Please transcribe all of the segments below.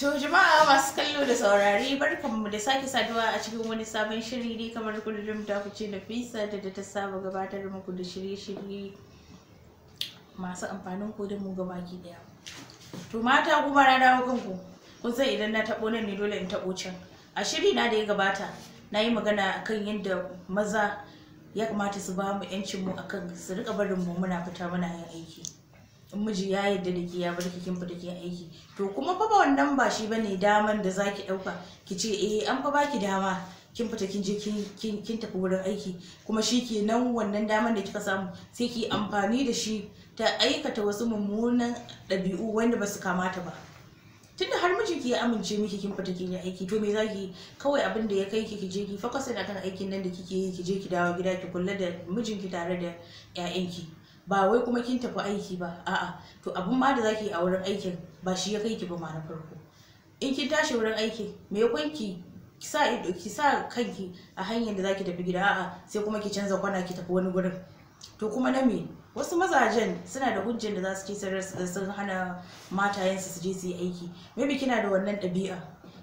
To jama'a masu kallo da saurari barkanmu da sake saduwa a cikin wani sabon shiri ne kamar kullum ta fice fisa da da ta saba gabatar muku da shirye-shirye masu amfanin ku da mu gabaki daya. To mata kuma rana dawo kanku kun san idan na tabo nan ne dole in taɓo can. A shiri na da ya gabata na yi magana akan yadda maza ya kamata su ba mu 'yancin mu akan su rika barin mu muna fita muna yin aiki. in miji ya yarda da ke ya bar kin fita ke aiki to kuma fa wannan ba shi bane daman da zaki dauka ki ce eh an fa baki dama kin fita kin je kin kin tafi wurin aiki kuma shi ke nan wannan daman da kika samu sai ki amfani da shi ta aikata wasu mummunan ɗabi'u wanda ba su kamata ba tunda har mijinki ya amince miki kin fita kin yi aiki to me zaki kawai abin da ya kai ki je ki focus akan aikin nan da kike yi ki je ki dawo gida ki kula da mijinki tare da 'ya'yanki ba wai kuma kin tafi aiki ba a'a to abun ma da zaki a wurin aikin ba shi ya kai ki ba ma na farko in kin tashi wurin aiki me kwanki ki sa ido ki sa kanki a hanyar da zaki tafi gida a'a sai kuma ki canza kwana ki tafi wani gurin to kuma na me wasu mazajen suna da hujjar da za su ce sun hana matayensu su je su yi aiki maybe kina da wannan ɗabi'a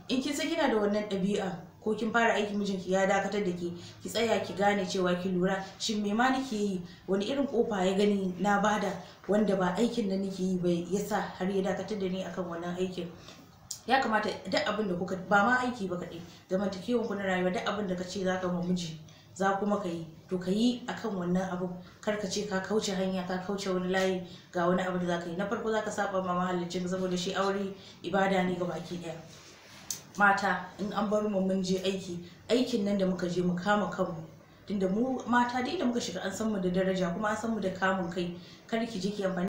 in kin san kina da wannan ɗabi'a ko kin fara aiki mijinki ya dakatar da ke ki tsaya ki gane cewa ki lura shin me ma nake yi wani irin kofa ya gani na bada wanda ba aikin da nake yi ba yasa har ya dakatar da ni akan wannan aikin ya kamata duk abin da kuka ba ma aiki ba kaɗai zamantakewan ku na rayuwa duk abin da ka ce zaka ma miji za kuma ka yi to ka yi akan wannan abu kar ka ce ka kauce hanya ka kauce wani layi ga wani abu da zaka yi na farko zaka saba ma mahallicin saboda shi aure ibada ne ga baki daya mata in an bar mu mun je aiki aikin nan da muka je mu kama kanmu tunda mu mata dai da muka shiga an san mu da daraja kuma an san mu da kamun kai kar ki je ki amfani